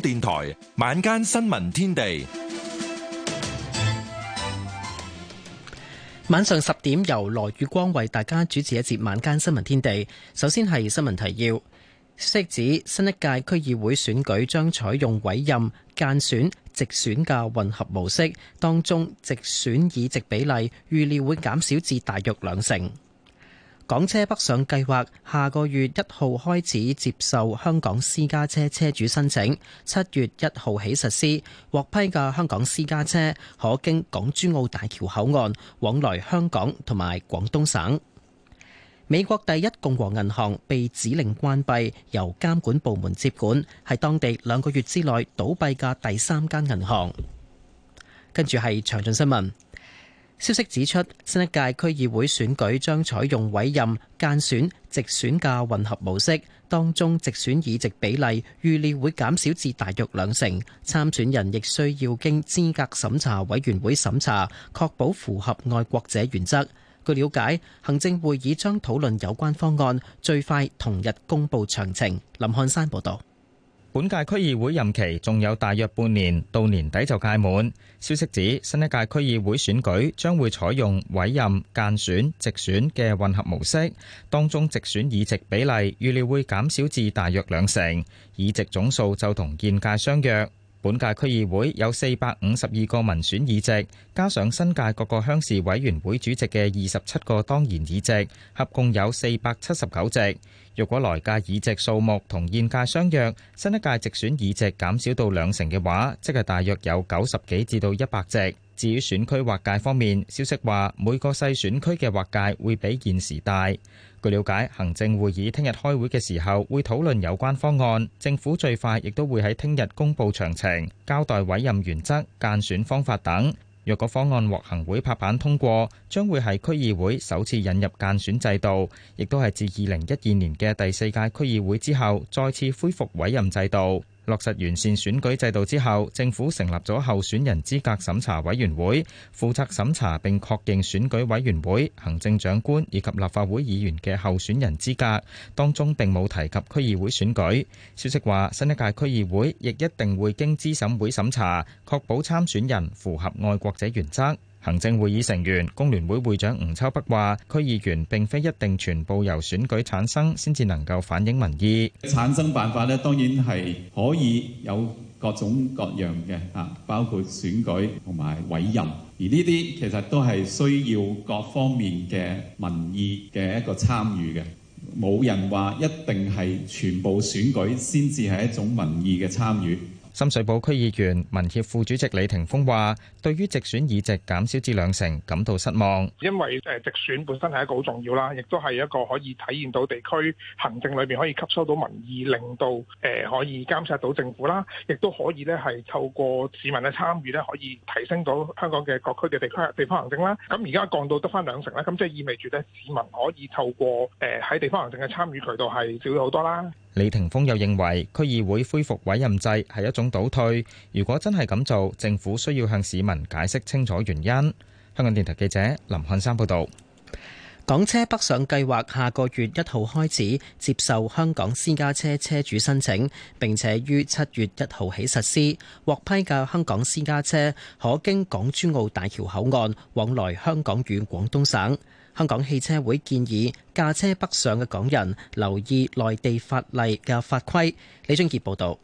電台晚間新聞天地，晚上十點由羅宇光為大家主持一節晚間新聞天地。首先係新聞提要，釋指新一屆區議會選舉將採用委任、間選、直選嘅混合模式，當中直選議席比例預料會減少至大約兩成。港車北上計劃下個月一號開始接受香港私家車車主申請，七月一號起實施。獲批嘅香港私家車可經港珠澳大橋口岸往來香港同埋廣東省。美國第一共和銀行被指令關閉，由監管部門接管，係當地兩個月之內倒閉嘅第三間銀行。跟住係詳盡新聞。消息指出，新一屆區議會選舉將採用委任、間選、直選嘅混合模式，當中直選議席比例預料會減少至大約兩成。參選人亦需要經資格審查委員會審查，確保符合愛國者原則。據了解，行政會議將討論有關方案，最快同日公布詳情。林漢山報道。本屆區議會任期仲有大約半年，到年底就屆滿。消息指，新一屆區議會選舉將會採用委任、間選、直選嘅混合模式，當中直選議席比例預料會減少至大約兩成，議席總數就同現屆相約。本屆區議會有四百五十二個民選議席，加上新界各個鄉事委員會主席嘅二十七個當然議席，合共有四百七十九席。若果來屆議席數目同現屆相約，新一屆直選議席減少到兩成嘅話，即係大約有九十幾至到一百席。至於選區劃界方面，消息話每個細選區嘅劃界會比現時大。據了解，行政會議聽日開會嘅時候會討論有關方案，政府最快亦都會喺聽日公布詳情，交代委任原則、間選方法等。若個方案獲行會拍板通過，將會係區議會首次引入間選制度，亦都係自二零一二年嘅第四屆區議會之後，再次恢復委任制度。落實完善選舉制度之後，政府成立咗候選人資格審查委員會，負責審查並確認選舉委員會、行政長官以及立法會議員嘅候選人資格。當中並冇提及區議會選舉。消息話，新一屆區議會亦一定會經資審會審查，確保參選人符合愛國者原則。行政會議成員工聯會會長吳秋北話：區議員並非一定全部由選舉產生，先至能夠反映民意。產生辦法咧，當然係可以有各種各樣嘅啊，包括選舉同埋委任，而呢啲其實都係需要各方面嘅民意嘅一個參與嘅。冇人話一定係全部選舉先至係一種民意嘅參與。深水埗區議員民協副主席李霆鋒話，對於直選議席減少至兩成感到失望，因為誒，直選本身係一個好重要啦，亦都係一個可以體驗到地區行政裏邊可以吸收到民意，令到誒可以監察到政府啦，亦都可以咧，係透過市民嘅參與咧，可以提升到香港嘅各區嘅地區地方行政啦。咁而家降到得返兩成啦，咁即係意味住咧，市民可以透過誒喺地方行政嘅參與渠道係少咗好多啦。李霆鋒又認為區議會恢復委任制係一種倒退，如果真係咁做，政府需要向市民解釋清楚原因。香港電台記者林漢山報導。港車北上計劃下個月一號開始接受香港私家車車主申請，並且於七月一號起實施，獲批嘅香港私家車可經港珠澳大橋口岸往來香港與廣東省。香港汽車會建議駕車北上嘅港人留意內地法例嘅法規。李俊傑報導。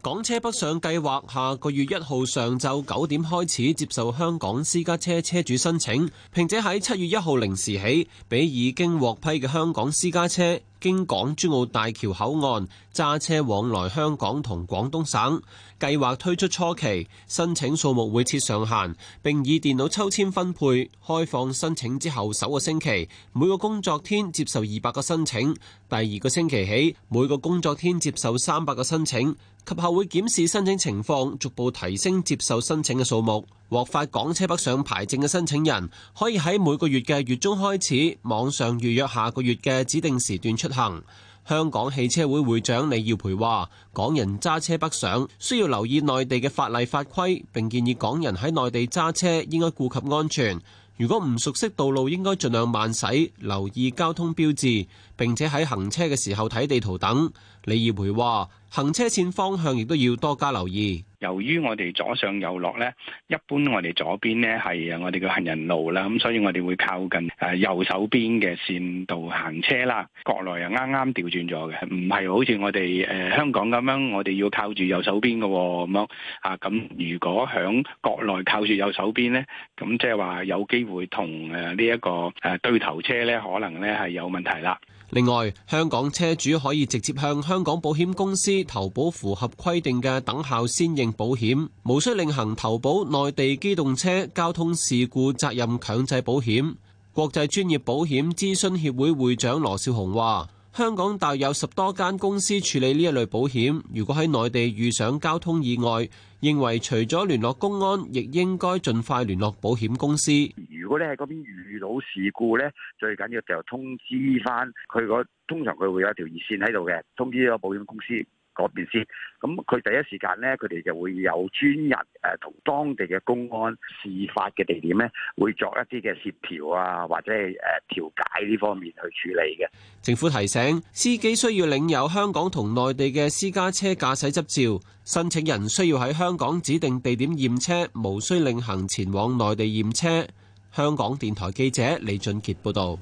港車北上計劃下個月一號上晝九點開始接受香港私家車車主申請，並且喺七月一號零時起，俾已經獲批嘅香港私家車經港珠澳大橋口岸揸車往來香港同廣東省。計劃推出初期，申請數目會設上限，並以電腦抽籤分配。開放申請之後首個星期，每個工作天接受二百個申請；第二個星期起，每個工作天接受三百個申請。及後會檢視申請情況，逐步提升接受申請嘅數目。獲發港車北上牌證嘅申請人，可以喺每個月嘅月中開始網上預約下個月嘅指定時段出行。香港汽車會會長李耀培話：港人揸車北上，需要留意內地嘅法例法規。並建議港人喺內地揸車應該顧及安全。如果唔熟悉道路，應該盡量慢駛，留意交通標誌，並且喺行車嘅時候睇地圖等。李耀培話：行車線方向亦都要多加留意。由於我哋左上右落呢，一般我哋左邊呢係我哋嘅行人路啦，咁所以我哋會靠近誒右手邊嘅線道行車啦。國內又啱啱調轉咗嘅，唔係好似我哋誒香港咁樣，我哋要靠住右手邊嘅喎咁樣。啊，咁如果響國內靠住右手邊呢，咁即係話有機會同誒呢一個誒對頭車呢，可能呢係有問題啦。另外，香港車主可以直接向香港保險公司投保符合規定嘅等效先認。保險無需另行投保內地機動車交通事故責任強制保險。國際專業保險諮詢協會會長羅少雄話，香港大約有十多間公司處理呢一類保險。如果喺內地遇上交通意外，認為除咗聯絡公安，亦應該盡快聯絡保險公司。如果你喺嗰邊遇到事故咧，最緊要就通知翻佢。個通常佢會有一條熱線喺度嘅，通知個保險公司，嗰邊先，咁佢第一時間呢，佢哋就會有專人誒同當地嘅公安，事發嘅地點呢，會作一啲嘅協調啊，或者係誒調解呢方面去處理嘅。政府提醒，司機需要領有香港同內地嘅私家車駕駛執照，申請人需要喺香港指定地點驗車，無需另行前往內地驗車。香港電台記者李俊傑報道。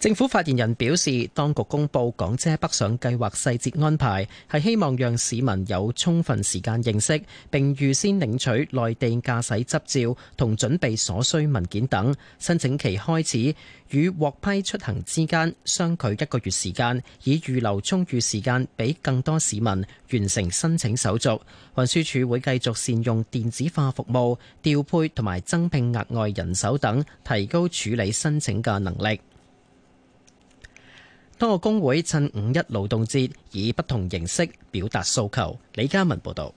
政府發言人表示，當局公布港車北上計劃細節安排，係希望讓市民有充分時間認識，並預先領取內地駕駛執照同準備所需文件等。申請期開始，與獲批出行之間相距一個月時間，以預留充裕時間俾更多市民完成申請手續。運輸署會繼續善用電子化服務、調配同埋增聘額外人手等，提高處理申請嘅能力。多個工會趁五一勞動節以不同形式表達訴求。李嘉文報道。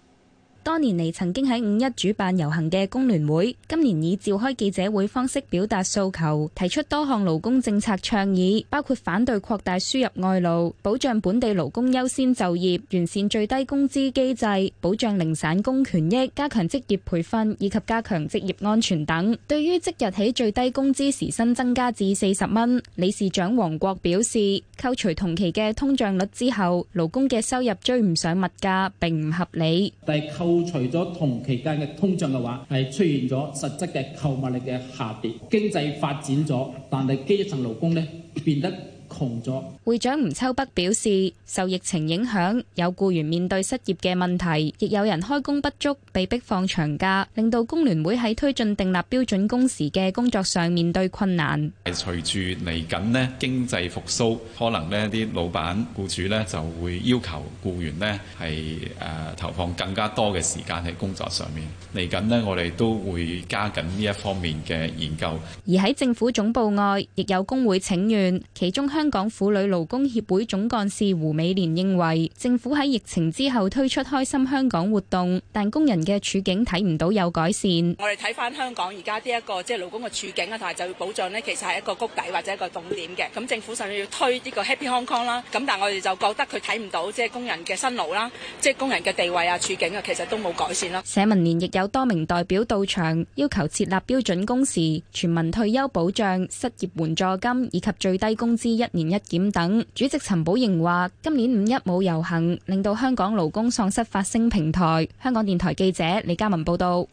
多年嚟曾經喺五一主辦遊行嘅工聯會，今年以召開記者會方式表達訴求，提出多項勞工政策倡議，包括反對擴大輸入外勞、保障本地勞工優先就業、完善最低工資機制、保障零散工權益、加強職業培訓以及加強職業安全等。對於即日起最低工資時薪增加至四十蚊，理事長黃國表示，扣除同期嘅通脹率之後，勞工嘅收入追唔上物價並唔合理。扣除咗同期間嘅通脹嘅話，係出現咗實質嘅購買力嘅下跌。經濟發展咗，但係基層勞工咧變得。工作。會長吳秋北表示，受疫情影響，有僱員面對失業嘅問題，亦有人開工不足，被迫放長假，令到工聯會喺推進訂立標準工時嘅工作上面對困難。香港婦女勞工協會總幹事胡美蓮認為，政府喺疫情之後推出開心香港活動，但工人嘅處境睇唔到有改善。我哋睇返香港而家呢一個即係勞工嘅處境啊，同埋就業保障咧，其實係一個谷底或者一個痛點嘅。咁政府甚至要推呢個 Happy Hong Kong 啦，咁但係我哋就覺得佢睇唔到即係工人嘅辛勞啦，即係工人嘅地位啊、處境啊，其實都冇改善啦。社民連亦有多名代表到場，要求設立標準工時、全民退休保障、失業援助金以及最低工資一。年一檢等，主席陳寶瑩話：今年五一冇遊行，令到香港勞工喪失發聲平台。香港電台記者李嘉文報道，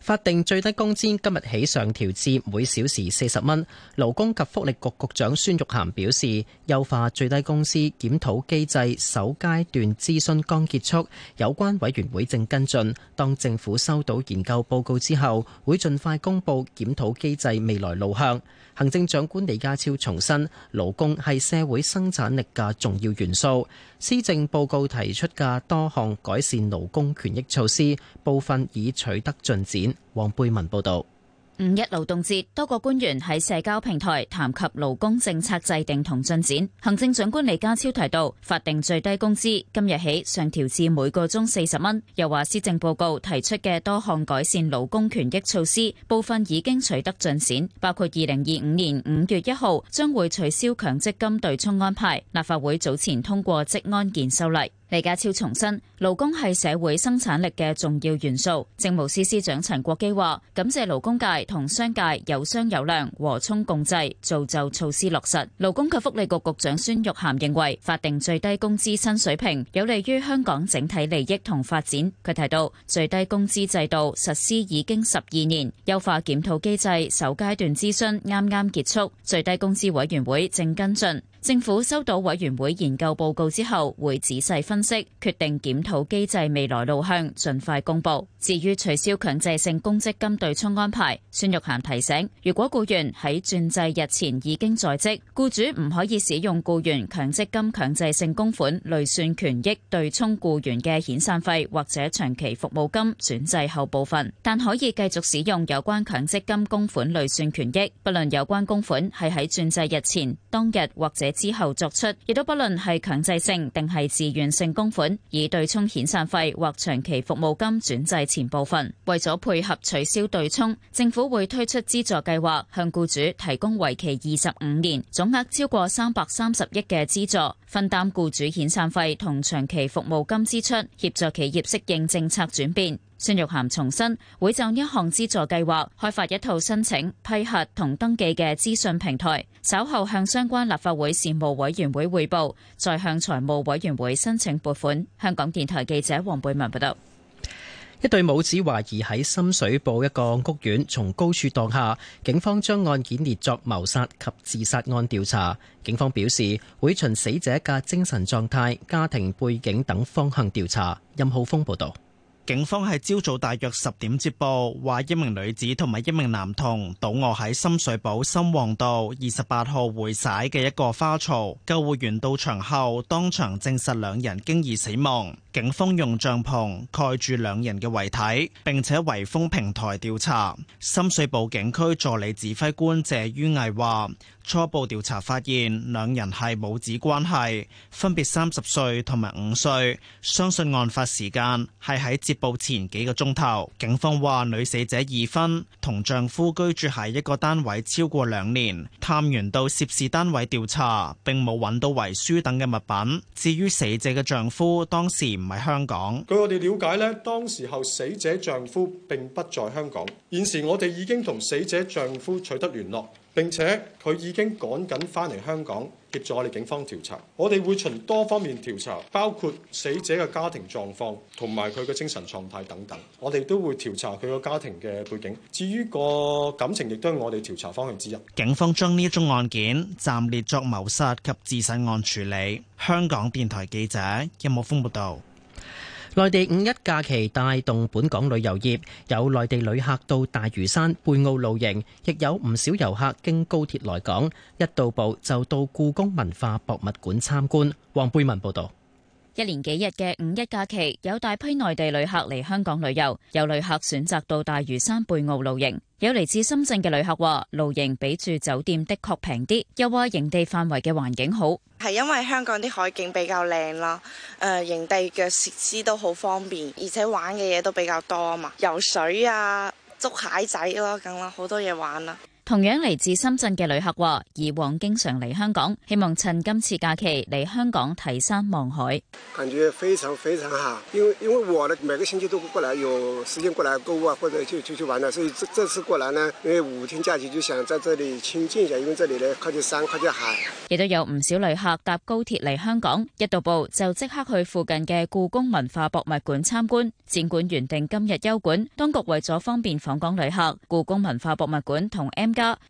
法定最低工資今日起上調至每小時四十蚊。勞工及福利局局，局長孫玉菡表示，優化最低工資檢討機制首階段諮詢剛結束，有關委員會正跟進。當政府收到研究報告之後，會盡快公佈檢討機制未來路向。行政長官李家超重申，勞工係社會生產力嘅重要元素。施政報告提出嘅多項改善勞工權益措施，部分已取得進展。黃貝文報導。五一勞動節，多個官員喺社交平台談及勞工政策制定同進展。行政長官李家超提到，法定最低工資今日起上調至每個鐘四十蚊。又話，施政報告提出嘅多項改善勞工權益措施，部分已經取得進展，包括二零二五年五月一號將會取消強積金對沖安排。立法會早前通過職安健修例。李家超重申，勞工係社會生產力嘅重要元素。政務司司長陳國基話，感謝勞工界同商界有商有量，和衷共濟，造就措施落實。勞工及福利局局長孫玉菡認為，法定最低工資新水平有利於香港整體利益同發展。佢提到，最低工資制度實施已經十二年，優化檢討機制首階段諮詢啱啱結束，最低工資委員會正跟進。政府收到委員會研究報告之後，會仔細分析，決定檢討機制未來路向，盡快公布。至於取消強制性公積金對沖安排，孫玉菡提醒，如果僱員喺轉制日前已經在職，僱主唔可以使用僱員強積金強制性供款累算權益對沖僱員嘅遣散費或者長期服務金轉制後部分，但可以繼續使用有關強積金供款累算權益，不論有關供款係喺轉制日前當日或者之後作出，亦都不論係強制性定係自願性供款，以對沖遣散費或長期服務金轉制前部分。為咗配合取消對沖，政府會推出資助計劃，向僱主提供為期二十五年、總額超過三百三十億嘅資助，分擔僱主遣散費同長期服務金支出，協助企業適應政策轉變。孫玉菡重申，會就一項資助計劃開發一套申請、批核同登記嘅資訊平台，稍後向相關立法會事務委員會匯報，再向財務委員會申請撥款。香港電台記者黃貝文報道：一對母子懷疑喺深水埗一個屋苑從高處墮下，警方將案件列作謀殺及自殺案調查。警方表示會循死者嘅精神狀態、家庭背景等方向調查。任浩峰報道。警方係朝早大約十點接報，話一名女子同埋一名男童倒卧喺深水埗深旺道二十八號會所嘅一個花槽，救護員到場後當場證實兩人經已死亡。警方用帳篷蓋住兩人嘅遺體，並且圍封平台調查。深水埗警區助理指揮官謝于毅話：初步調查發現兩人係母子關係，分別三十歲同埋五歲。相信案發時間係喺接報前幾個鐘頭。警方話女死者已婚同丈夫居住喺一個單位超過兩年，探員到涉事單位調查，並冇揾到遺書等嘅物品。至於死者嘅丈夫當時。唔係香港。據我哋瞭解咧，當時候死者丈夫並不在香港。現時我哋已經同死者丈夫取得聯絡，並且佢已經趕緊翻嚟香港協助我哋警方調查。我哋會循多方面調查，包括死者嘅家庭狀況同埋佢嘅精神狀態等等。我哋都會調查佢個家庭嘅背景。至於個感情，亦都係我哋調查方向之一。警方將呢一宗案件暫列作謀殺及自殺案處理。香港電台記者任木風報道。內地五一假期帶動本港旅遊業，有內地旅客到大嶼山貝澳露營，亦有唔少遊客經高鐵來港，一到埗就到故宮文化博物館參觀。黃貝文報道。一連幾日嘅五一假期，有大批內地旅客嚟香港旅遊，有旅客選擇到大嶼山貝澳露營，有嚟自深圳嘅旅客話露營比住酒店的確平啲，又話營地範圍嘅環境好，係因為香港啲海景比較靚啦，誒、呃，營地嘅設施都好方便，而且玩嘅嘢都比較多啊嘛，游水啊，捉蟹仔咯，咁咯，好多嘢玩啊。同樣嚟自深圳嘅旅客話，以往經常嚟香港，希望趁今次假期來香港睇山望海。感覺非常非常好，因為因為我呢每個星期都過來有時間過來購物啊或者去出去玩啊，所以這次過來呢，因為五天假期就想在這裡清靜一下，因為這裡呢，靠近山，靠近海。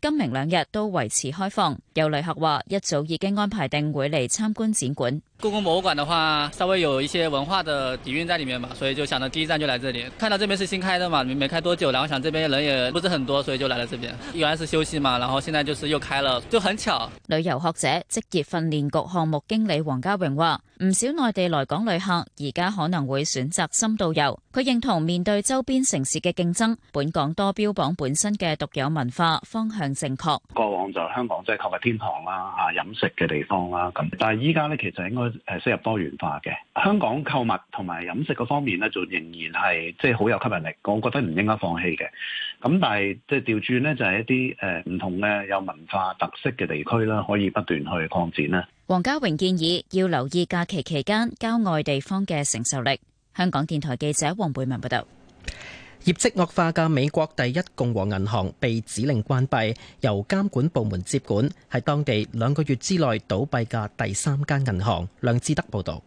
今明兩日都維持開放，有旅客話一早已經安排定會嚟參觀展館。故宮博物館的話，稍微有一些文化的底蘊在裏面嘛，所以就想到第一站就來這裏。看到這邊是新開的嘛，沒開多久，然後想這邊人也不是很多，所以就來了這邊。原來是休息嘛，然後現在就是又開了，就很巧。旅遊學者、職業訓練局項目經理黃家榮話：唔少內地來港旅客而家可能會選擇深度遊。佢認同面對周邊城市嘅競爭，本港多標榜本身嘅獨有文化，方向正確。過往就香港即係購物天堂啦、啊，吓飲食嘅地方啦、啊、咁，但係依家呢，其實應該。誒，收入多元化嘅香港購物同埋飲食嗰方面呢，就仍然係即係好有吸引力，我覺得唔應該放棄嘅。咁但係即係調轉呢，就係一啲誒唔同嘅有文化特色嘅地區啦，可以不斷去擴展啦。黃家榮建議要留意假期期間郊外地方嘅承受力。香港電台記者黃貝文報道。業績惡化嘅美國第一共和銀行被指令關閉，由監管部門接管，係當地兩個月之內倒閉嘅第三間銀行。梁志德報道，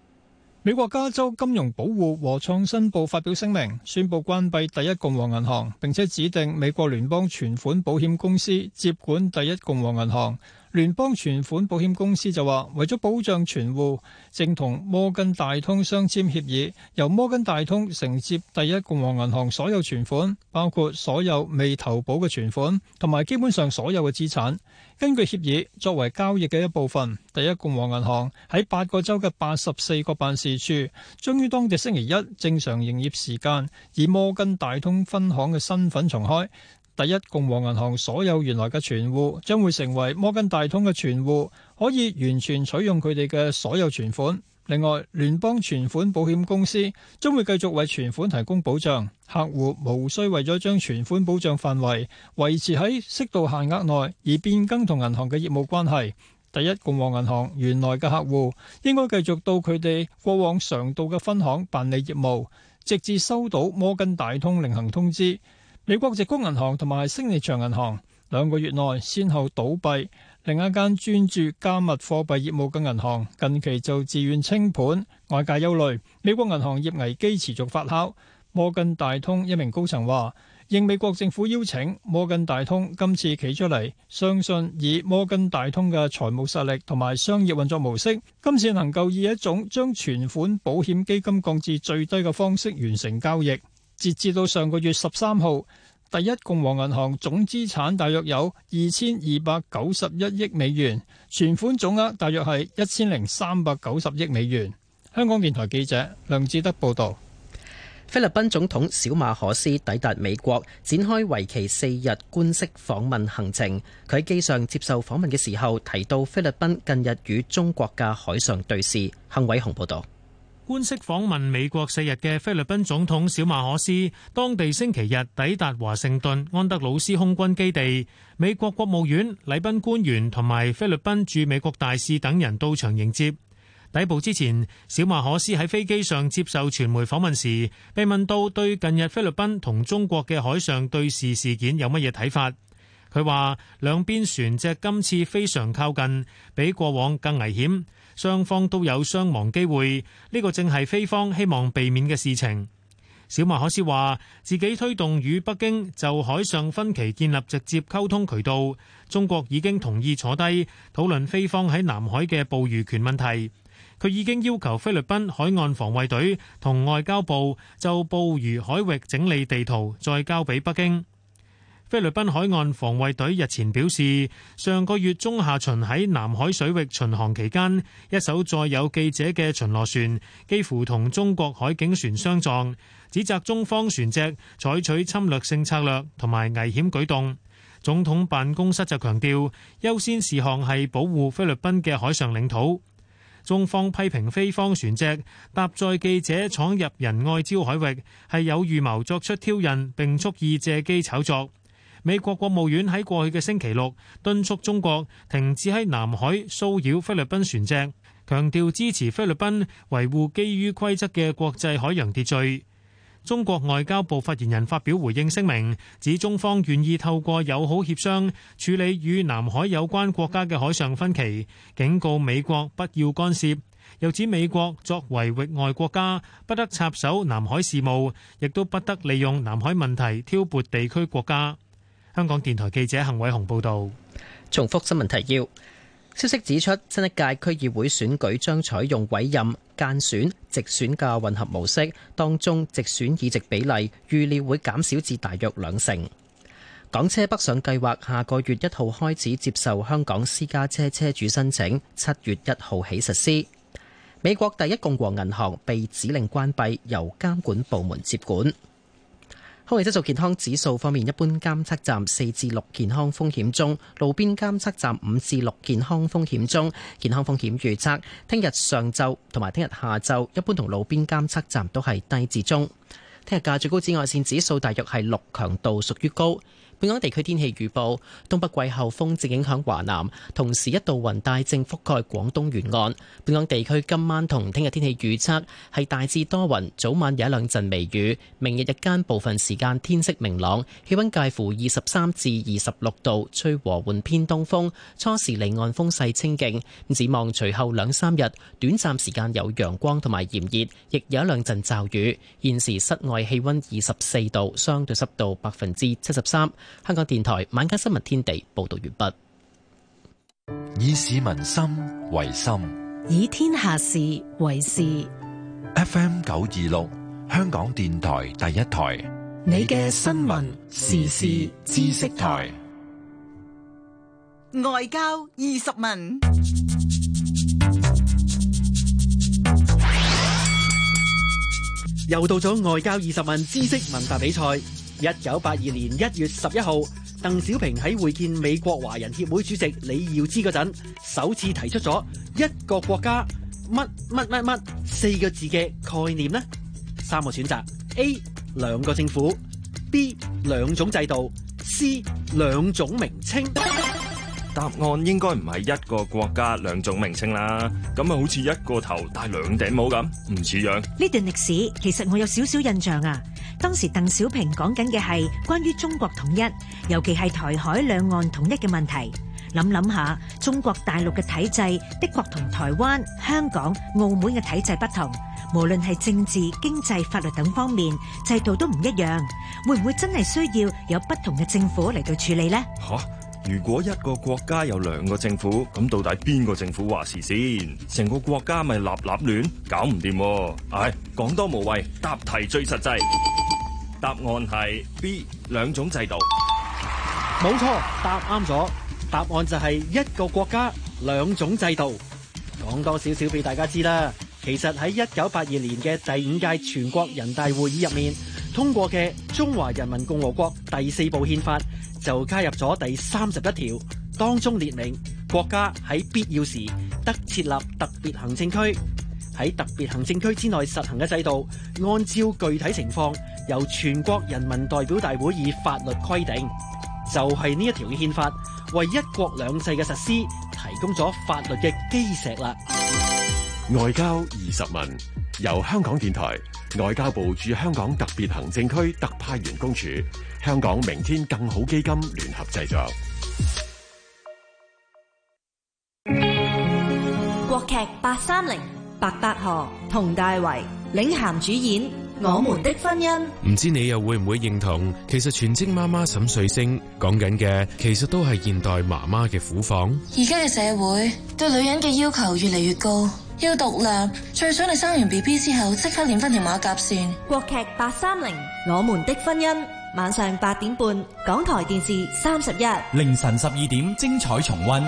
美國加州金融保護和創新部發表聲明，宣布關閉第一共和銀行，並且指定美國聯邦存款保險公司接管第一共和銀行。聯邦存款保險公司就話，為咗保障存戶，正同摩根大通相簽協議，由摩根大通承接第一共和銀行所有存款，包括所有未投保嘅存款，同埋基本上所有嘅資產。根據協議，作為交易嘅一部分，第一共和銀行喺八個州嘅八十四個辦事處，將於當地星期一正常營業時間，以摩根大通分行嘅身份重開。第一共和銀行所有原來嘅存戶將會成為摩根大通嘅存戶，可以完全取用佢哋嘅所有存款。另外，聯邦存款保險公司將會繼續為存款提供保障，客戶無需為咗將存款保障範圍維持喺適度限額內而變更同銀行嘅業務關係。第一共和銀行原來嘅客戶應該繼續到佢哋過往常到嘅分行辦理業務，直至收到摩根大通另行通知。美國直沽銀行同埋星力長銀行兩個月內先後倒閉，另一間專注加密貨幣業務嘅銀行近期就自願清盤，外界憂慮美國銀行業危機持續發酵。摩根大通一名高層話，應美國政府邀請，摩根大通今次企出嚟，相信以摩根大通嘅財務實力同埋商業運作模式，今次能夠以一種將存款保險基金降至最低嘅方式完成交易。截至到上個月十三號，第一共和銀行總資產大約有二千二百九十一億美元，存款總額大約係一千零三百九十億美元。香港電台記者梁志德報道。菲律賓總統小馬可斯抵達美國，展開為期四日官式訪問行程。佢喺機上接受訪問嘅時候提到，菲律賓近日與中國嘅海上對峙。幸偉雄報道。官式訪問美國四日嘅菲律賓總統小馬可斯，當地星期日抵達華盛頓安德魯斯空軍基地，美國國務院、禮賓官員同埋菲律賓駐美國大使等人到場迎接。抵埗之前，小馬可斯喺飛機上接受傳媒訪問時，被問到對近日菲律賓同中國嘅海上對峙事件有乜嘢睇法。佢話兩邊船隻今次非常靠近，比過往更危險。雙方都有傷亡機會，呢、這個正係菲方希望避免嘅事情。小馬可斯話自己推動與北京就海上分歧建立直接溝通渠道，中國已經同意坐低討論菲方喺南海嘅捕魚權問題，佢已經要求菲律賓海岸防衛隊同外交部就捕魚海域整理地圖再交俾北京。菲律賓海岸防衛隊日前表示，上個月中下旬喺南海水域巡航期間，一艘載有記者嘅巡邏船幾乎同中國海警船相撞，指責中方船隻採取侵略性策略同埋危險舉動。總統辦公室就強調，優先事項係保護菲律賓嘅海上領土。中方批評菲方船隻搭載記者闖入仁愛礁海域係有預謀作出挑釁，並蓄意借機炒作。美國國務院喺過去嘅星期六敦促中國停止喺南海騷擾菲律賓船隻，強調支持菲律賓維護基於規則嘅國際海洋秩序。中國外交部發言人發表回應聲明，指中方願意透過友好協商處理與南海有關國家嘅海上分歧，警告美國不要干涉，又指美國作為域外國家，不得插手南海事務，亦都不得利用南海問題挑撥地區國家。香港電台記者邢偉雄報道。重複新聞提要，消息指出，新一屆區議會選舉將採用委任、間選、直選嘅混合模式，當中直選議席比例預料會減少至大約兩成。港車北上計劃下個月一號開始接受香港私家車車主申請，七月一號起實施。美國第一共和銀行被指令關閉，由監管部門接管。空氣質素健康指數方面，一般監測站四至六健康風險中，路邊監測站五至六健康風險中。健康風險預測，聽日上晝同埋聽日下晝，一般同路邊監測站都係低至中。聽日嘅最高紫外線指數大約係六，強度屬於高。本港地區天氣預報：東北季候風正影響華南，同時一道雲帶正覆蓋廣東沿岸。本港地區今晚同聽日天氣預測係大致多雲，早晚有一兩陣微雨。明日日間部分時間天色明朗，氣溫介乎二十三至二十六度，吹和緩偏東風，初時離岸風勢清勁。展望隨後兩三日，短暫時間有陽光同埋炎熱，亦有一兩陣驟雨。現時室外氣溫二十四度，相對濕度百分之七十三。香港電台晚間新聞天地報道完畢。以市民心為心，以天下事為事。F. M. 九二六，香港電台第一台，你嘅新聞時事知識台，外交二十問。又到咗外交二十問知識問答比賽。一九八二年一月十一號，鄧小平喺會見美國華人協會主席李耀之嗰陣，首次提出咗一個國家乜乜乜乜四個字嘅概念。呢三個選擇：A 兩個政府，B 兩種制度，C 兩種名稱。答案應該唔係一個國家兩種名稱啦，咁啊好似一個頭戴兩頂帽咁，唔似樣。呢段歷史其實我有少少印象啊。當時鄧小平講緊嘅係關於中國統一，尤其係台海兩岸統一嘅問題。諗諗下，中國大陸嘅體制的確同台灣、香港、澳門嘅體制不同，無論係政治、經濟、法律等方面，制度都唔一樣。會唔會真係需要有不同嘅政府嚟到處理呢？吓、啊！如果一個國家有兩個政府，咁到底邊個政府話事先？成個國家咪立立亂，搞唔掂喎？唉、哎，講多無謂，答題最實際。答案係 B，兩種制度。冇錯，答啱咗。答案就係一個國家兩種制度。講多少少俾大家知啦。其實喺一九八二年嘅第五屆全國人大會議入面通過嘅《中華人民共和國第四部憲法》。就加入咗第三十一條，當中列明國家喺必要時得設立特別行政區，喺特別行政區之內實行嘅制度，按照具體情況由全國人民代表大會以法律規定。就係呢一條憲法為一國兩制嘅實施提供咗法律嘅基石啦。外交二十問，由香港電台。外交部駐香港特別行政區特派員公署、香港明天更好基金聯合製作。國劇八三零，白百何、佟大為領銜主演《我們的婚姻》。唔知你又會唔會認同？其實全職媽媽沈瑞星講緊嘅，其實都係現代媽媽嘅苦況。而家嘅社會對女人嘅要求越嚟越高。要讀量，最想你生完 B B 之後即刻練翻條馬甲線。國劇八三零，我們的婚姻，晚上八點半，港台電視三十一凌晨十二點精彩重溫。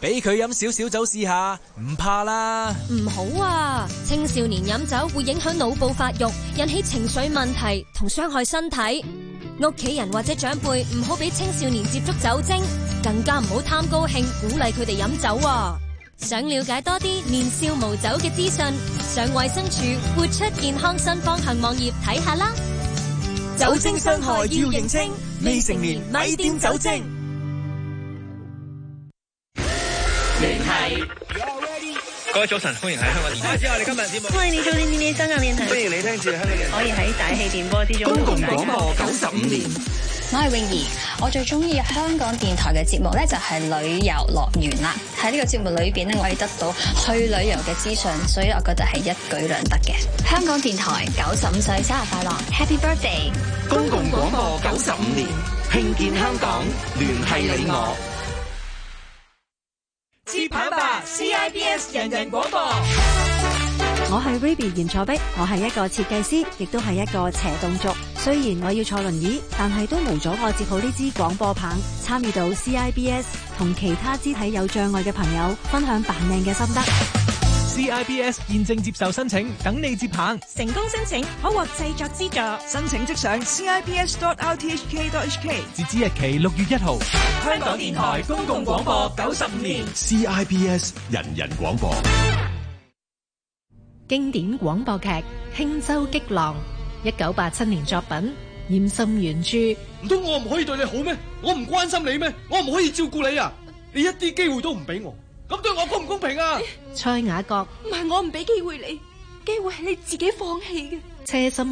俾佢飲少少酒試下，唔怕啦。唔好啊，青少年飲酒會影響腦部發育，引起情緒問題同傷害身體。屋企人或者長輩唔好俾青少年接觸酒精。更加唔好貪高興，鼓勵佢哋飲酒。想了解多啲年少無酒嘅資訊，上衛生署活出健康新方向網頁睇下啦。看看酒精傷害要認清，未成年咪掂酒精。提 are 各位早晨，歡迎喺香港電台，我哋好，你今日歡迎你收聽今天香港電台，歡迎你聽住香港電台，可以喺大氣電波之中，公共廣播九十五年。我係泳兒，我最中意香港電台嘅節目咧就係、是、旅遊樂園啦。喺呢個節目裏邊咧，我可以得到去旅遊嘅資訊，所以我覺得係一舉兩得嘅。香港電台九十五歲生日快樂，Happy Birthday！公共廣播九十五年，興建香港，聯繫你我。接棒吧，CIBS 人人廣播。我係 Ruby 嚴楚碧，我係一個設計師，亦都係一個斜動族。雖然我要坐輪椅，但係都無阻我接好呢支廣播棒，參與到 CIBS，同其他肢體有障礙嘅朋友分享扮靚嘅心得。CIBS 現正接受申請，等你接棒，成功申請可獲製作資助，申請即上 CIBS.dot.rthk.dot.hk。截止日期六月一號。香港電台公共廣播九十五年 CIBS 人人廣播。經典廣播劇《輕舟激浪》，一九八七年作品《艷心原著》，唔通我唔可以對你好咩？我唔關心你咩？我唔可以照顧你啊？你一啲機會都唔俾我，咁對我公唔公平啊？蔡雅各，唔係我唔俾機會你，機會係你自己放棄嘅。車心。